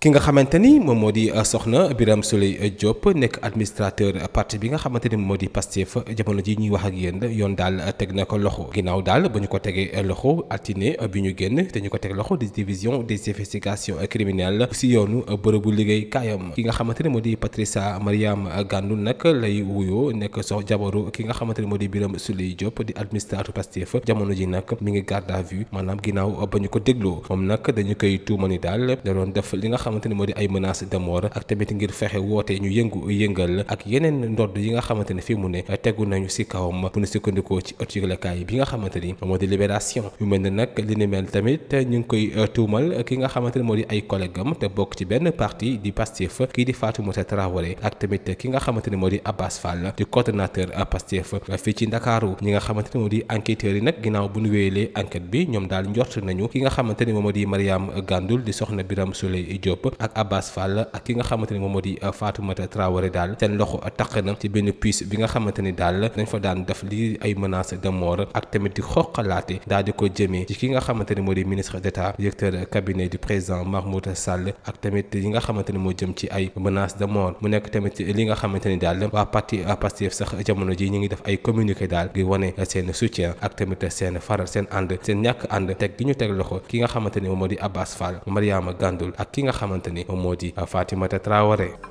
ki nga xamante ni moom moo di euh, soxna Birame Souleye Diop nekk administrateur parti bi nga xamante ni moom moo di Pastef jamono ji ñuy wax ak yéen yoon daal teg na ko loxo ginnaaw daal ba ñu ko tegee loxo altine bi ñu génn te ñu ko teg loxo di division des investigations criminelles si yoonu bërëbu liggéey kaayam ki nga xamante ni moo di Patricia Mariam Gàndu nag lay wuyoo nekk so jabaru ki nga xamante ni moo di Birame Souleye Diop di administrateur Pastef jamono ji nag mi ngi garde à vue maanaam ginnaaw ba ñu ko dégloo moom nag dañu koy tuuma ni daal da doon def li nga xamante ni moo di ay menaces de mort ak tamit ngir fexe woote ñu yëngu yëngal ak yeneen ndodd yi nga xamante ne mu ne tegu nañu si kawam bu ñu sukkandikoo ci ëtt bi nga xamante moo di libération yu mel ne nag li ni mel tamit ñu ngi koy euh, tuumal ki nga xamante moo di ay collègue te bokk ci benn parti di Pastef kii di Fatoumata Traoré ak tamit ki nga xamante moo di Abbas Fall di coordonnateur euh, Pastef euh, fii ci Ndakaaru ñi nga xamante moo di Diop ak Abbas Fall ak ki nga xamante ni moom moo di euh, Fatoumata Traoré daal seen loxo taq na ci benn puce bi nga xamante ni daal dañ fa daan def lii ay menace de mort ak tamit di xoqalaate daal di ko jëmee ci ki nga xamante ni moo di ministre d'état directeur cabinet du président Mahmoud Sall ak tamit yi nga xamante ni moo jëm ci ay menace de mort mu nekk tamit li nga xamante ni daal waa parti euh, Pastef sax jamono ji ñu ngi def ay communiqué daal di wane seen soutien ak tamit seen faral seen ànd seen ñàkk ànd teg ñu teg loxo ki nga xamante ni moom moo di Abbas Fall Mariama Gandoul ak xamante ni moom moo di Fatimata Traoré